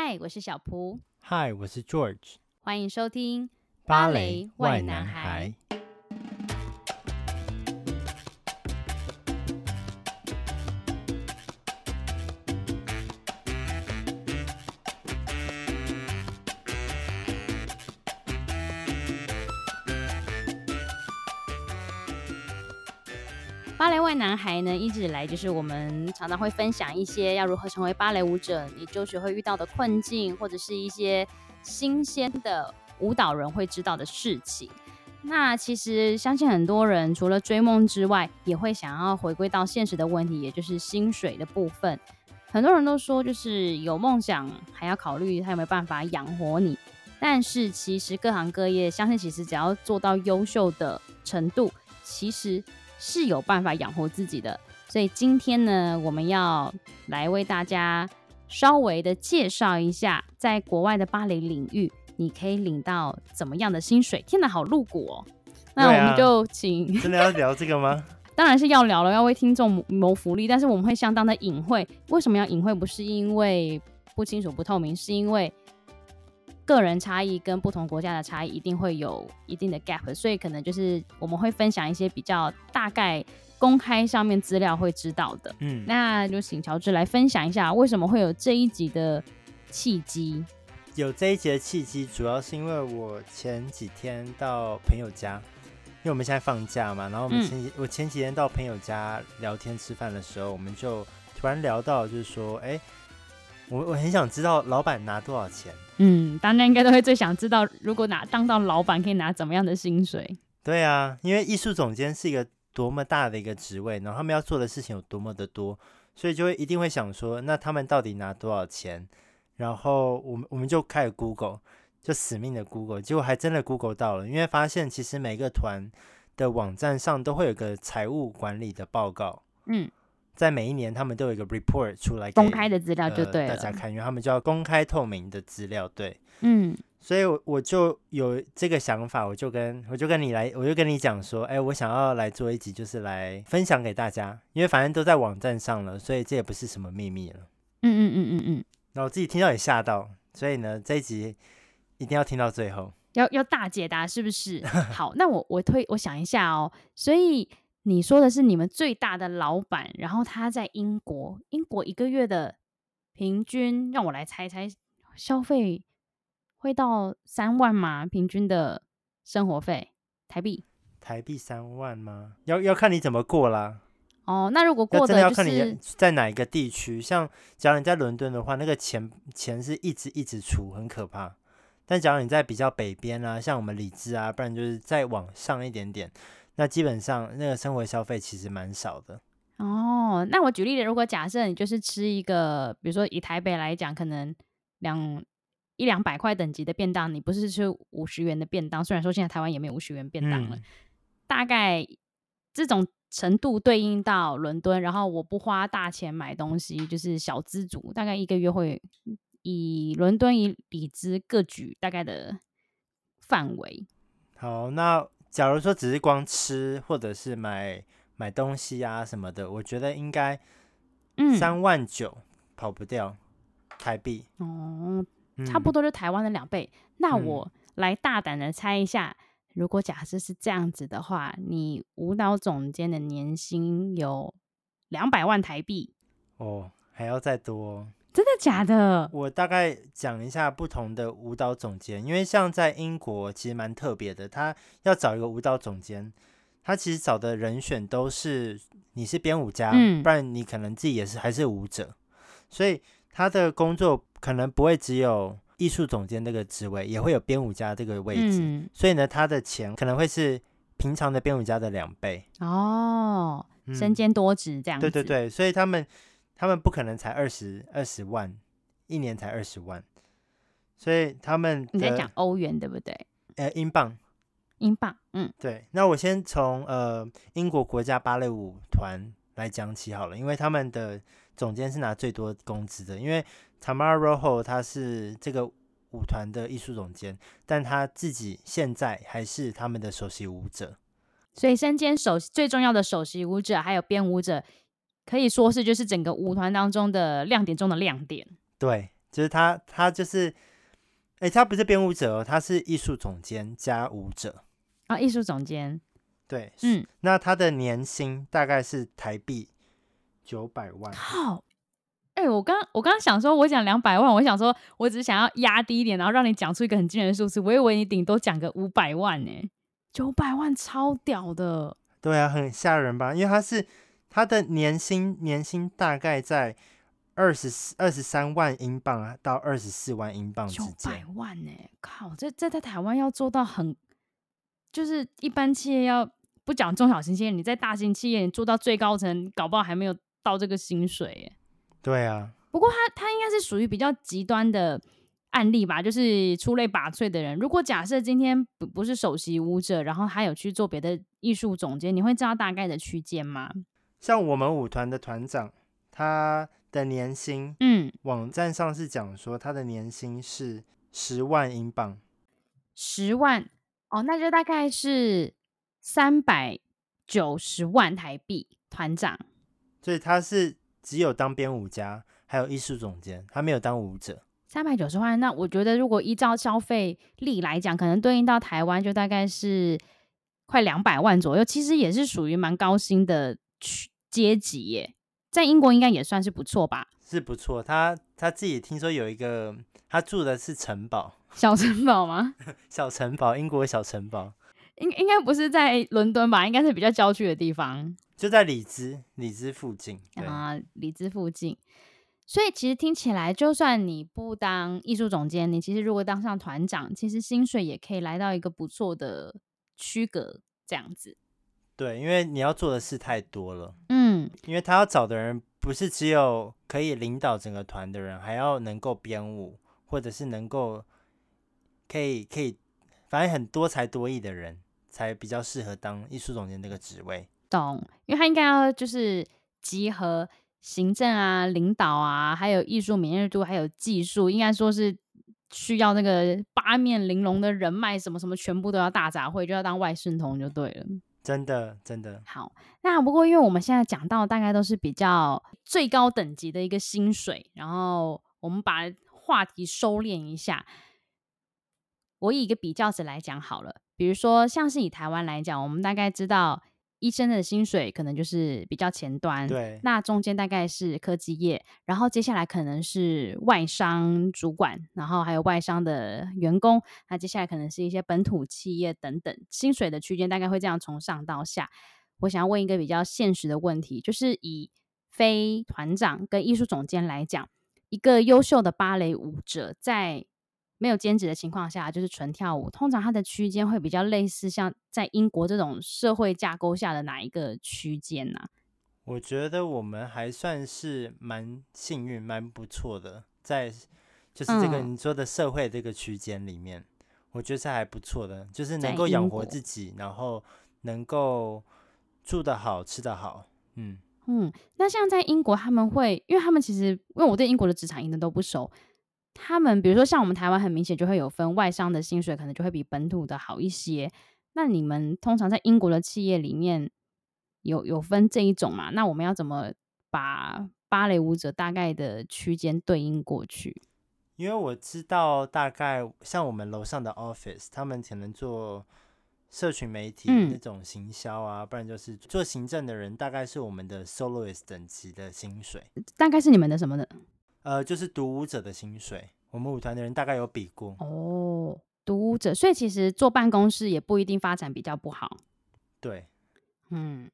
嗨，我是小蹼。嗨，我是 George。歡迎收聽《芭蕾 why 男孩》。why 男孩呢，一直以來就是我們常常會分享一些要如何成為芭蕾舞者，你就是會遇到的困境，或者是一些新鮮的舞蹈人會知道的事情。那其實相信很多人除了追夢之外，也會想要回歸到現實的問題，也就是薪水的部分。很多人都說，就是有夢想還要考慮他有沒有辦法養活你。但是其實各行各業，相信其實只要做到優秀的程度，其實，是有辦法養活自己的，所以今天呢，我們要來為大家稍微的介紹一下，在國外的芭蕾領域，你可以領到怎麼樣的薪水？天哪，好露骨哦！那我們就請，對啊、真的要聊這個嗎？ 當然是要聊了，要為聽眾謀福利，但是我們會相當的隱晦。為什麼要隱晦？不是因為不清楚、不透明，是因為，個人差異跟不同國家的差異一定會有一定的 gap，所以可能就是我們會分享一些比較大概公開上面資料會知道的。嗯，那就請喬治來分享一下為什麼會有這一集的契機。有這一集的契機，主要是因為我前幾天到朋友家，因為我們現在放假嘛，然後我們前幾、嗯、我前幾天到朋友家聊天吃飯的時候，我們就突然聊到就是說，哎、欸。我我很想知道老闆拿多少錢。嗯，大家應該都會最想知道，如果拿當到老闆可以拿怎麼樣的薪水？對啊，因為藝術總監是一個多麼大的一個職位，然後他們要做的事情有多麼的多，所以就會一定會想說，那他們到底拿多少錢？然後我們我們就開始 Google，就死命的 Google，結果還真的 Google 到了，因為發現其實每個團的網站上都會有個財務管理的報告。嗯。在每一年，他們都有一個 report 出來，公開的資料就對了、呃、大家看，因為他們就要公開透明的資料，對，嗯，所以我，我我就有這個想法，我就跟我就跟你來，我就跟你講說，哎、欸，我想要來做一集，就是來分享給大家，因為反正都在網站上了，所以這也不是什麼秘密了，嗯嗯嗯嗯嗯。那我自己聽到也嚇到，所以呢，這一集一定要聽到最後，要要大解答是不是？ 好，那我我推我想一下哦，所以。你說的是你們最大的老板，然後他在英國，英國一個月的平均，讓我來猜猜，消費會到三萬嗎？平均的生活費，台幣？台幣三萬嗎？要要看你怎麼過啦。哦，那如果過的就是、要,要看你在哪一個地區，像假如你在倫敦的話，那個錢錢是一直一直出，很可怕。但假如你在比較北邊啊，像我們利茲啊，不然就是再往上一點點。那基本上那個生活消費其實蠻少的哦。那我舉例，如果假設你就是吃一個，比如說以台北來講，可能兩一兩百塊等級的便當，你不是吃五十元的便當，雖然說現在台灣也沒有五十元便當了，嗯，大概這種程度對應到倫敦，然後我不花大錢買東西，就是小資族，大概一個月會以倫敦以里之各舉大概的範圍。好，那。假如說只是光吃或者是買買東西啊什麼的，我覺得應該，嗯，三萬九跑不掉，台幣。哦、嗯，差不多就台灣的兩倍。那我來大膽的猜一下，嗯、如果假設是這樣子的話，你舞蹈總監的年薪有兩百萬台幣。哦，還要再多。真的假的？我大概講一下不同的舞蹈總監，因為像在英國其實蠻特別的，他要找一個舞蹈總監，他其實找的人選都是你是編舞家、嗯，不然你可能自己也是還是舞者，所以他的工作可能不會只有藝術總監那個職位，也會有編舞家這個位置，嗯、所以呢，他的錢可能會是平常的編舞家的兩倍哦、嗯，身兼多職這樣子，對對對，所以他們。他們不可能才二十二十萬，一年才二十萬，所以他們的你在講歐元、欸、對不對？呃，英鎊，英鎊，嗯，對。那我先從呃英國國家芭蕾舞團來講起好了，因為他們的總監是拿最多工資的，因為 Tamara Rojo 他是這個舞團的藝術總監，但他自己現在還是他們的首席舞者，所以身兼首最重要的首席舞者還有編舞者。可以說是就是整個舞團當中的亮點中的亮點。對，就是他，他就是，哎、欸，他不是編舞者哦，他是藝術總監加舞者啊。藝術總監。對，嗯，那他的年薪大概是台幣九百萬。靠，哎、欸，我剛我剛想說，我講兩百萬，我想說我只是想要壓低一點，然後讓你講出一個很驚人的數字。我以為你頂多講個五百萬、欸，哎，九百萬超屌的。對啊，很嚇人吧？因為他是。他的年薪年薪大概在二十二十三萬英鎊到二十四萬英鎊之間。九百萬呢？靠！這這在台灣要做到很，就是一般企業要不講中小型企業，你在大型企業你做到最高層，搞不好還沒有到這個薪水耶。對啊。不過他他應該是屬於比較極端的案例吧，就是出類拔萃的人。如果假設今天不不是首席舞者，然後他有去做別的藝術總監，你會知道大概的區間嗎？像我們舞團的團長，他的年薪，嗯，網站上是講說他的年薪是十萬英鎊，十萬哦，那就大概是三百九十萬台幣，團長。所以他是只有當編舞家，還有藝術總監，他沒有當舞者。三百九十萬，那我覺得如果依照消費力來講，可能對應到台灣就大概是快兩百萬左右，其實也是屬於蠻高薪的。區階級耶，在英國應該也算是不錯吧？是不錯，他他自己聽說有一個，他住的是城堡，小城堡嗎？小城堡，英國的小城堡，應應該不是在倫敦吧？應該是比較郊區的地方，就在里茲，里茲附近啊，里茲附近。所以其實聽起來，就算你不當藝術總監，你其實如果當上團長，其實薪水也可以來到一個不錯的區隔這樣子。對，因為你要做的事太多了。嗯，因為他要找的人不是只有可以領導整個團的人，還要能夠編舞，或者是能夠可以可以，反正很多才多藝的人才比較適合當藝術總監這個職位。懂，因為他應該要就是集合行政啊、領導啊，還有藝術敏銳度，還有技術，應該說是需要那個八面玲瓏的人脈，什麼什麼全部都要大雜燴，就要當萬事通就對了。真的，真的。好。那不過，因為我們現在講到大概都是比較最高等級的一個薪水，然後我們把話題收斂一下。我以一個比較值來講好了，比如說像是以台灣來講，我們大概知道。醫生的薪水可能就是比較前端，對，那中間大概是科技業，然後接下來可能是外商主管，然後還有外商的員工，那接下來可能是一些本土企業等等，薪水的區間大概會這樣從上到下。我想要問一個比較現實的問題，就是以非團長跟藝術總監來講，一個優秀的芭蕾舞者在沒有兼職的情況下，就是純跳舞。通常它的區間會比較類似，像在英國這種社會架構下的哪一個區間呢、啊？我覺得我們還算是蠻幸運、蠻不錯的，在就是這個你說的社會這個區間裡面、嗯，我覺得是還不錯的，就是能夠養活自己，然後能夠住得好、吃得好。嗯嗯。那像在英國，他們會，因為他們其實，因為我對英國的職場一點都不熟。他們比如說像我們台灣很明顯就會有分外商的薪水，可能就會比本土的好一些。那你們通常在英國的企業裡面有，有分這一種嗎？那我們要怎麼把芭蕾舞者大概的區間對應過去？因為我知道大概像我們樓上的 office，他們可能做社群媒體的那種行銷啊、嗯，不然就是做行政的人，大概是我們的 soloist 等級的薪水，大概是你們的什麼呢？呃，就是獨舞者的薪水。我們舞團的人大概有比過哦，舞者，所以其實坐辦公室也不一定發展比較不好。對，嗯，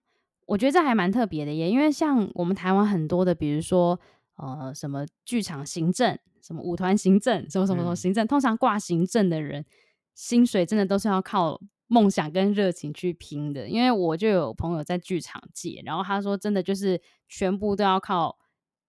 我覺得這還蠻特別的耶，因為像我們台灣很多的，比如說呃，什麼劇場行政、什麼舞團行政、什麼什麼什麼行政、嗯，通常掛行政的人薪水真的都是要靠夢想跟熱情去拼的。因為我就有朋友在劇場界，然後他說真的就是全部都要靠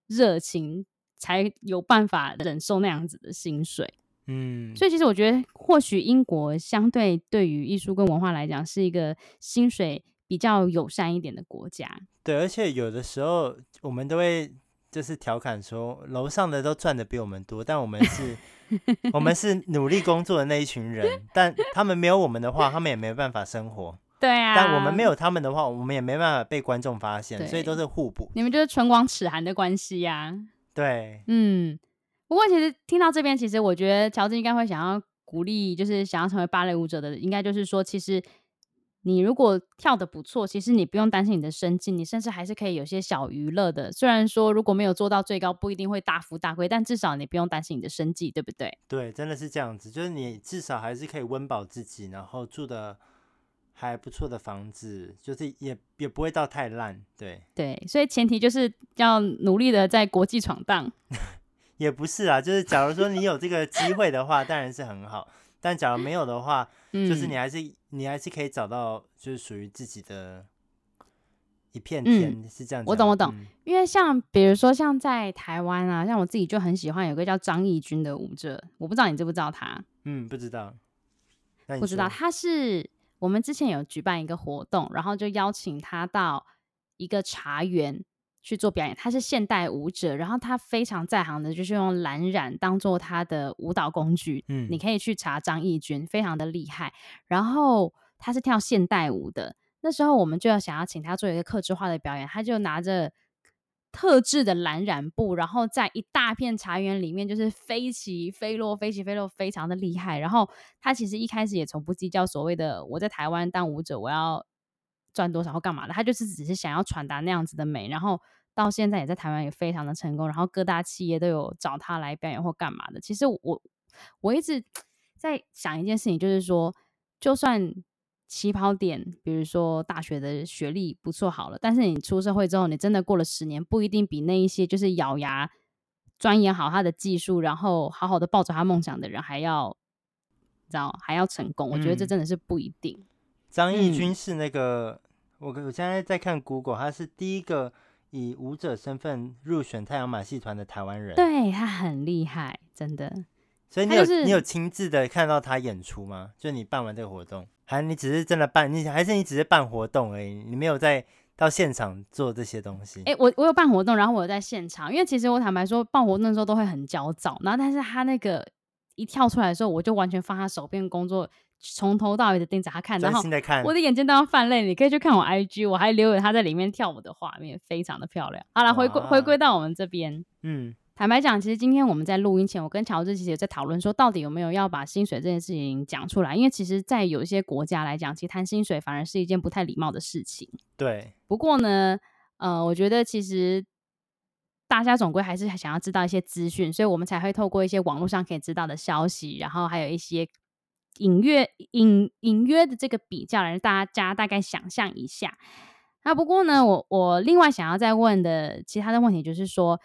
熱情。才有辦法忍受那樣子的薪水，嗯，所以其實我覺得，或許英國相對對於藝術跟文化來講，是一個薪水比較友善一點的國家。對，而且有的時候我們都會就是調侃說，樓上的都賺得比我們多，但我們是， 我們是努力工作的那一群人， 但他們沒有我們的話，他們也沒辦法生活。 對啊，但我們沒有他們的話，我們也沒辦法被觀眾發現，所以都是互補。你們就是唇亡齒寒的關係呀，啊。對，嗯，不過其實聽到這邊，其實我覺得喬治應該會想要鼓勵，就是想要成為芭蕾舞者的，應該就是說，其實你如果跳得不錯，其實你不用擔心你的生計，你甚至還是可以有些小娛樂的。雖然說如果沒有做到最高，不一定會大富大貴，但至少你不用擔心你的生計，對不對？對，真的是這樣子，就是你至少還是可以溫飽自己，然後住的。還不錯的房子，就是也也不會到太爛。對對，所以前提就是要努力的在國際闖蕩。 也不是啊，就是假如說你有這個機會的話， 當然是很好，但假如沒有的話，嗯、就是你還是你還是可以找到就是屬於自己的一片天。嗯，是這樣子、啊，我懂我懂，嗯、因為像比如說像在台灣啊，像我自己就很喜歡有個叫張義軍的舞者，我不知道你知不知道他，嗯，不知道，那你不知道他是。我們之前有舉辦一個活動，然後就邀請他到一個茶園去做表演。他是現代舞者，然後他非常在行的，就是用藍染當做他的舞蹈工具。嗯，你可以去查張藝君，非常的厲害。然後他是跳現代舞的，那時候我們就要想要請他做一個客製化的表演，他就拿着。特製的藍染布，然後在一大片茶園裡面，就是飛起飛落，飛起飛落，非常的厲害。然後他其實一開始也從不計較所謂的我在台灣當舞者，我要賺多少或幹嘛的，他就是只是想要傳達那樣子的美。然後到現在也在台灣也非常的成功，然後各大企業都有找他來表演或幹嘛的。其實我我一直在想一件事情，就是說，就算。起跑點，比如說大學的學歷不錯好了，但是你出社會之後，你真的過了十年，不一定比那一些就是咬牙鑽研好他的技術，然後好好的抱着他夢想的人還要知道還要成功。我覺得這真的是不一定。嗯、張逸軍是那個我、嗯、我現在在看 Google，他是第一個以舞者身份入選太陽馬戲團的台灣人。對，他很厲害，真的。所以你有、就是、你有親自的看到他演出嗎？就你辦完這個活動。還、啊，你只是真的辦，你還是你只是辦活動而已，你沒有在到現場做這些東西。哎、欸，我我有辦活動，然後我有在現場，因為其實我坦白說，辦活動的時候都會很焦躁。然後，但是他那個一跳出來的時候，我就完全放下手邊工作，從頭到尾的盯着他看，然後專心在看。我的眼睛都要泛淚，你可以去看我 IG，我還留有他在裡面跳舞的畫面，非常的漂亮。好了，回歸回歸到我們這邊，嗯。坦白講，其實今天我們在錄音前，我跟喬治其實也在討論說，到底有沒有要把薪水這件事情講出來？因為其實，在有一些國家來講，其實談薪水反而是一件不太禮貌的事情。對。不過呢，呃，我覺得其實大家總歸還是想要知道一些資訊，所以我們才會透過一些網絡上可以知道的消息，然後還有一些隱約、隱隱約的這個比較，來讓大家大概想象一下。那不過呢，我我另外想要再問的其他的問題就是說。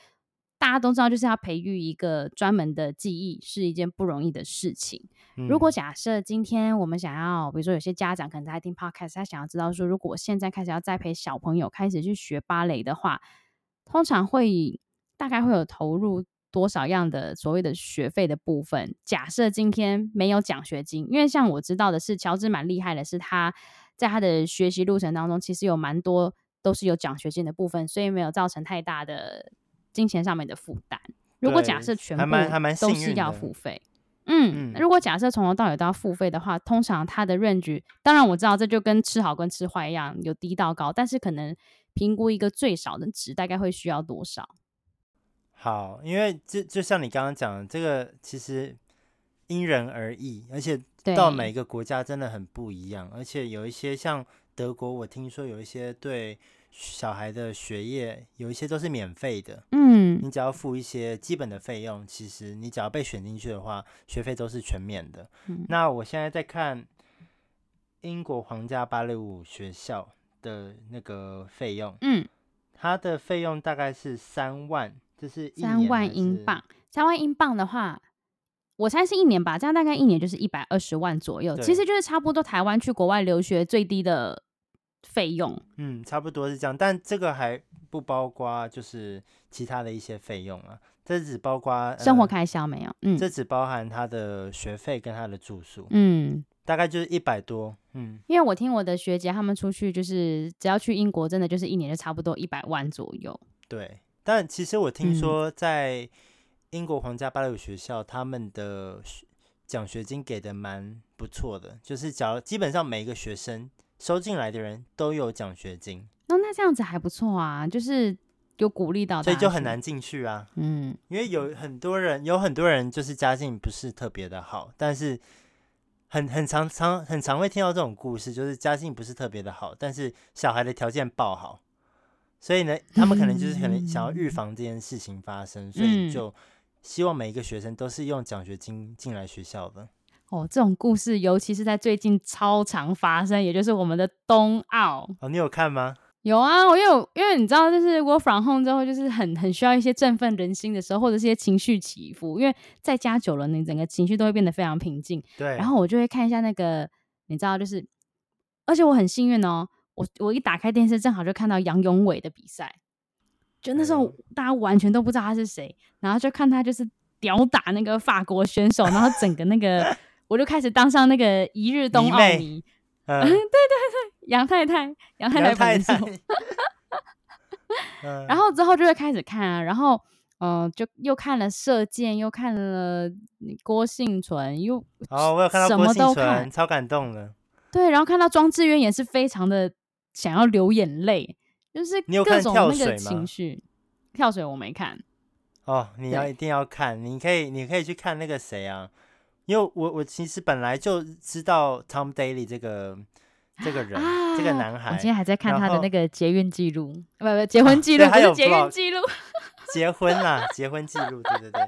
大家都知道，就是要培育一個專門的技藝是一件不容易的事情。嗯。如果假設今天我們想要，比如說有些家長可能在聽 Podcast，他想要知道說，如果現在開始要栽培小朋友開始去學芭蕾的話，通常會大概會有投入多少樣的所謂的學費的部分？假設今天沒有獎學金，因為像我知道的是，喬治蠻厲害的，是他在他的學習路程當中，其實有蠻多都是有獎學金的部分，所以沒有造成太大的。金錢上面的負擔，如果假設全部都是要付費，嗯，嗯，如果假設從頭到尾都要付費的話，通常它的潤 a 當然我知道這就跟吃好跟吃壞一樣，有低到高，但是可能評估一個最少的值，大概會需要多少？好，因為就就像你剛剛講，這個其實因人而異，而且到每個國家真的很不一樣，而且有一些像德國，我聽說有一些對。小孩的學業有一些都是免費的，嗯，你只要付一些基本的費用，其實你只要被選進去的話，學費都是全免的，嗯。那我現在在看英國皇家芭蕾舞學校的那個費用，嗯，它的費用大概是三萬，就是三萬英鎊，三萬英鎊的話，我猜是一年吧，這樣大概一年就是一百二十萬左右，其實就是差不多台灣去國外留學最低的。費用，嗯，差不多是這樣，但這個還不包括就是其他的一些費用啊，這只包括、呃、生活開銷沒有？嗯，這只包含他的學費跟他的住宿，嗯，大概就是一百多，嗯，因為我聽我的學姐他們出去就是只要去英國，真的就是一年就差不多一百萬左右，對。但其實我聽說在英國皇家芭蕾學校、嗯，他們的學，獎學金給的蠻不錯的，就是假如基本上每一個學生。收進來的人都有獎學金，那那這樣子還不錯啊，就是有鼓勵到，所以就很難進去啊。嗯，因為有很多人，有很多人就是家境不是特別的好，但是很很常常很常會聽到這種故事，就是家境不是特別的好，但是小孩的條件爆好，所以呢，他們可能就是可能想要預防這件事情發生。嗯，所以就希望每一個學生都是用獎學金進來學校的。哦，這種故事尤其是在最近超常發生，也就是我們的冬奧。哦，你有看嗎？有啊，我有，因為你知道，就是我 from home 之後，就是很很需要一些振奮人心的時候，或者是一些情緒起伏。因為在家久了，你整個情緒都會變得非常平靜。對。然後我就會看一下那個，你知道，就是而且我很幸運哦，我我一打開電視，正好就看到楊永偉的比賽。就那時候大家完全都不知道他是誰，哎、然後就看他就是屌打那個法國選手， 然後整個那個。 我就開始當上那個一日冬奧迷，嗯， 對對對，楊太太，楊太太的粉絲、嗯、 然後之後就會開始看啊，然後嗯、呃，就又看了射箭，又看了郭婞淳，又，哦，我有看到郭婞淳，超感動的，對，然後看到莊智淵也是非常的想要流眼淚，就是各種的那個情緒，跳水我沒看，哦，你要一定要看，你可以你可以去看那個誰啊。因為我我其實本來就知道 Tom Daly 這個這個人、啊、這個男孩，我今天還在看他的那個結運記錄、不、啊、不結婚記錄，還有結運記錄， 結婚啦 結婚記錄，對對對，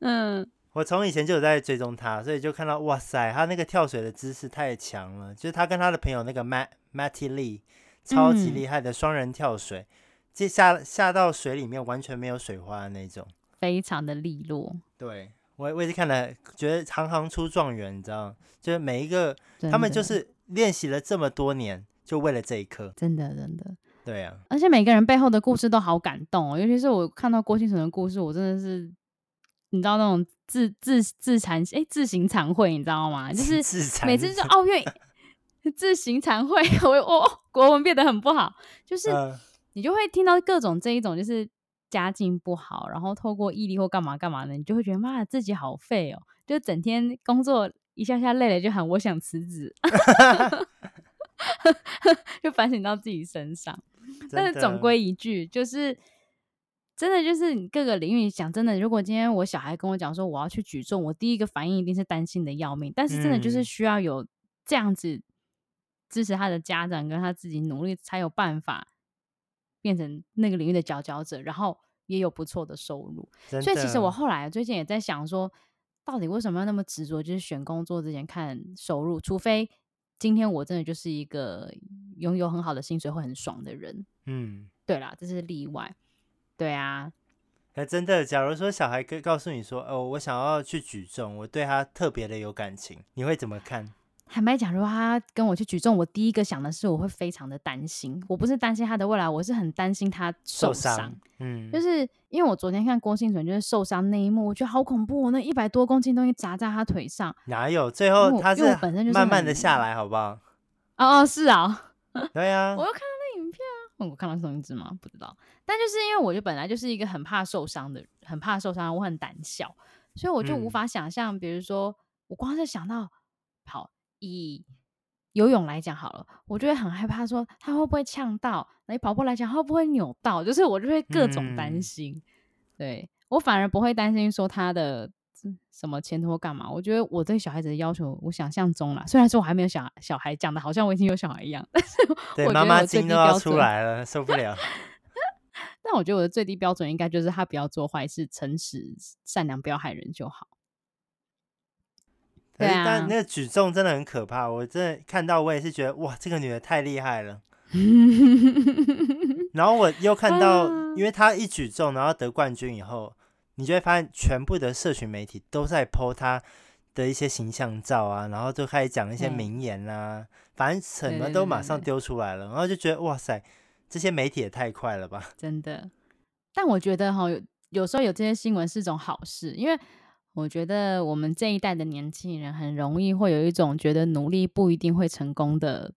嗯，我從以前就有在追蹤他，所以就看到哇塞，他那個跳水的姿勢太強了，就是他跟他的朋友那個 Matt Matty Lee 超級厲害的雙人跳水，嗯、這下下到水裡面完全沒有水花的那種，非常的利落，對。我我也看了，覺得行行出狀元，你知道，就是每一個他們就是練習了這麼多年，就為了這一刻。真的，真的。對啊，而且每個人背後的故事都好感動哦，尤其是我看到郭婞淳的故事，我真的是，你知道那種自自自慚，哎、欸，自行慚愧，你知道嗎？就是每次是奧運，哦、自行慚愧，我哦國文變得很不好，就是、呃、你就會聽到各種這一種就是。家境不好，然後透過毅力或幹嘛幹嘛的，你就會覺得媽，自己好廢哦，就整天工作一下下累了就喊我想辭職， 就反省到自己身上。但是總歸一句，就是真的就是各個領域，想真的，如果今天我小孩跟我講說我要去舉重，我第一個反應一定是擔心得要命。但是真的就是需要有這樣子支持他的家長跟他自己努力才有辦法。變成那個領域的佼佼者，然後也有不錯的收入的，所以其實我後來最近也在想說，到底為什麼要那麼執着？就是選工作之前看收入，除非今天我真的就是一個擁有很好的薪水會很爽的人，嗯，對啦，這是例外。對啊，那、欸、真的，假如說小孩跟告訴你說，哦，我想要去舉重，我對他特別的有感情，你會怎麼看？坦白講，如果他跟我去舉重，我第一個想的是，我會非常的擔心。我不是擔心他的未來，我是很擔心他受傷。嗯，就是因為我昨天看郭婞淳，就是受傷那一幕，我覺得好恐怖、哦。那一百多公斤東西砸在他腿上，哪有？最後他是因為我本身就是慢慢的下來，好不好？哦哦，是啊， 對啊。我又看到那影片啊，嗯、我看到宋一之嗎？不知道。但就是因為我就本來就是一個很怕受傷的人，很怕受傷，我很膽小，所以我就無法想象、嗯，比如說我光是想到好。以游泳來講好了，我就會很害怕，說他會不會嗆到，那以跑步來講，會不會扭到？就是我就會各種擔心。嗯。對，我反而不會擔心說他的什麼前途幹嘛。我覺得我對小孩子的要求，我想象中啦。雖然說我還沒有小小孩，講的好像我已經有小孩一樣，但是我覺得我最低標準對媽媽金都要出來了，受不了。 但我覺得我的最低標準應該就是他不要做壞事，誠實、善良，不要害人就好。但那個舉重真的很可怕，我真的看到我也是覺得哇，這個女的太厲害了。 然後我又看到，因為她一舉重，然後得冠軍以後，你就會發現全部的社群媒體都在 po 她的一些形象照啊，然後就開始講一些名言啊，對對對對對，反正什麼都馬上丟出來了，然後就覺得哇塞，這些媒體也太快了吧！真的，但我覺得哈，有時候有這些新聞是一種好事，因為。我覺得我們這一代的年輕人很容易會有一種覺得努力不一定會成功的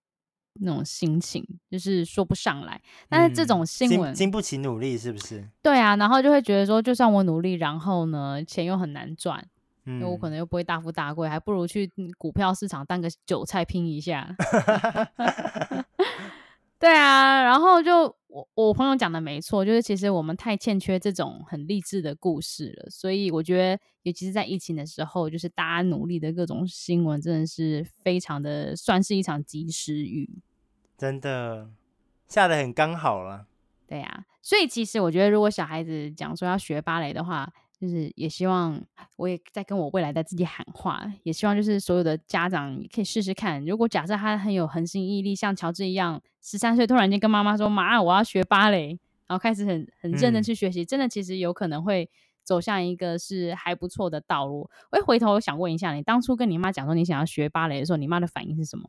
那種心情，就是說不上來。但是這種新聞、嗯、經不起努力，是不是？對啊，然後就會覺得說，就算我努力，然後呢，錢又很難賺，那、嗯、我可能又不會大富大貴，還不如去股票市場當個韭菜拼一下。 對啊，然後就我我朋友講的沒錯，就是其實我們太欠缺這種很勵志的故事了，所以我覺得，尤其是在疫情的時候，就是大家努力的各種新聞，真的是非常的算是一場及時雨，真的下得很剛好了。對呀，所以其實我覺得，如果小孩子講說要學芭蕾的話，就是也希望，我也在跟我未來的自己喊話，也希望就是所有的家長可以試試看。如果假設他很有恆心毅力，像喬治一樣，十三歲突然間跟媽媽說：“媽，我要學芭蕾。”然後開始很很認真去學習，真的其實有可能會走向一個是還不錯的道路。我回頭想問一下，你當初跟你媽講說你想要學芭蕾的時候，你媽的反應是什麼？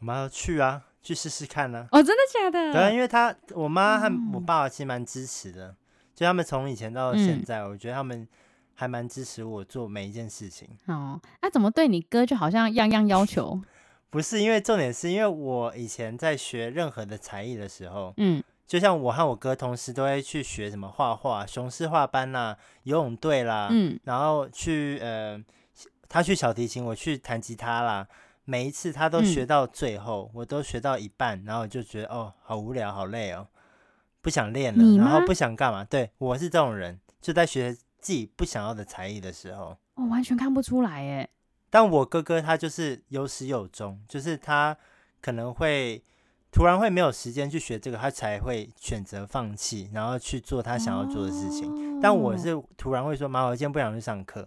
我媽要去啊，去試試看呢、啊。哦、oh，真的假的？對，因為她我媽和我爸其實蠻支持的。就他們從以前到現在，嗯，我覺得他們還蠻支持我做每一件事情。哦，那怎麼對你哥就好像樣樣要求？ 不是，因為重點是因為我以前在學任何的才藝的時候，嗯，就像我和我哥同時都會去學什麼畫畫、雄獅畫班啦、啊、游泳隊啦，嗯，然後去呃，他去小提琴，我去彈吉他啦。每一次他都學到最後，嗯，我都學到一半，然後我就覺得哦，好無聊，好累哦。不想練了，然後不想幹嘛？對，我是這種人，就在學自己不想要的才藝的時候，我、哦、完全看不出來耶。但我哥哥他就是有始有終，就是他可能會突然會沒有時間去學這個，他才會選擇放棄，然後去做他想要做的事情。哦、但我是突然會說，媽，我今天不想去上課，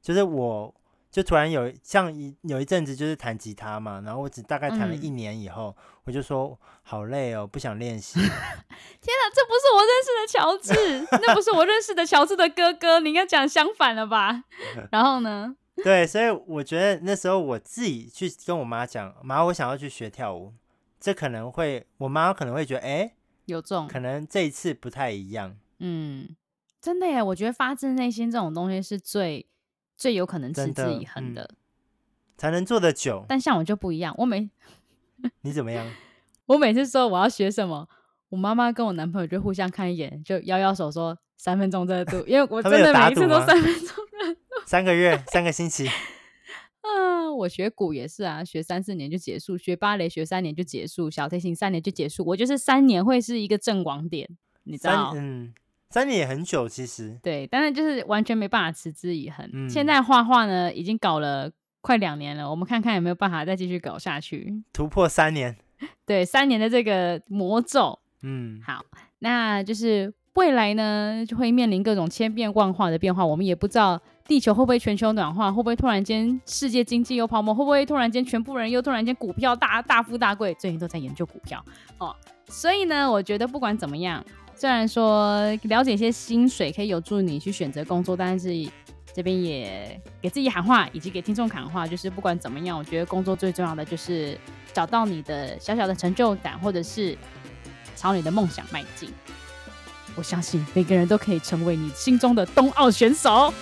就是我。就突然有像一有一陣子就是彈吉他嘛，然後我只大概彈了一年以後，嗯、我就說好累哦，不想練習。 天啊，這不是我認識的喬治， 那不是我認識的喬治的哥哥，你應該講相反了吧？ 然後呢？對，所以我覺得那時候我自己去跟我媽講，媽，我想要去學跳舞，這可能會，我媽可能會覺得，哎、欸，有種可能，這一次不太一樣。嗯，真的耶，我覺得發自內心這種東西是最。最有可能持之以恆的,的、嗯，才能做得久。但像我就不一樣，我每 你怎麼樣？我每次說我要學什麼，我媽媽跟我男朋友就互相看一眼，就搖搖手說三分鐘熱度，因為我真的每一次都三分鐘熱度， 三個月、三個星期。 呃、我學鼓也是啊，學三四年就結束；學芭蕾學三年就結束；小提琴三年就結束。我就是三年會是一個正廣點，你知道？嗯。三年也很久，其實對，但是就是完全沒辦法持之以恆。嗯。現在畫畫呢，已經搞了快兩年了，我們看看有沒有辦法再繼續搞下去，突破三年。對，三年的這個魔咒。嗯，好，那就是未來呢，就會面臨各種千變萬化的變化。我們也不知道地球會不會全球暖化，會不會突然間世界經濟又泡沫，會不會突然間全部人又突然間股票大大富大貴？最近都在研究股票哦，所以呢，我覺得不管怎麼樣。雖然說了解一些薪水可以有助你去選擇工作，但是這邊也給自己喊話，以及給聽眾喊話，就是不管怎麼樣，我覺得工作最重要的就是找到你的小小的成就感，或者是朝你的夢想邁進。我相信每個人都可以成為你心中的冬奧選手。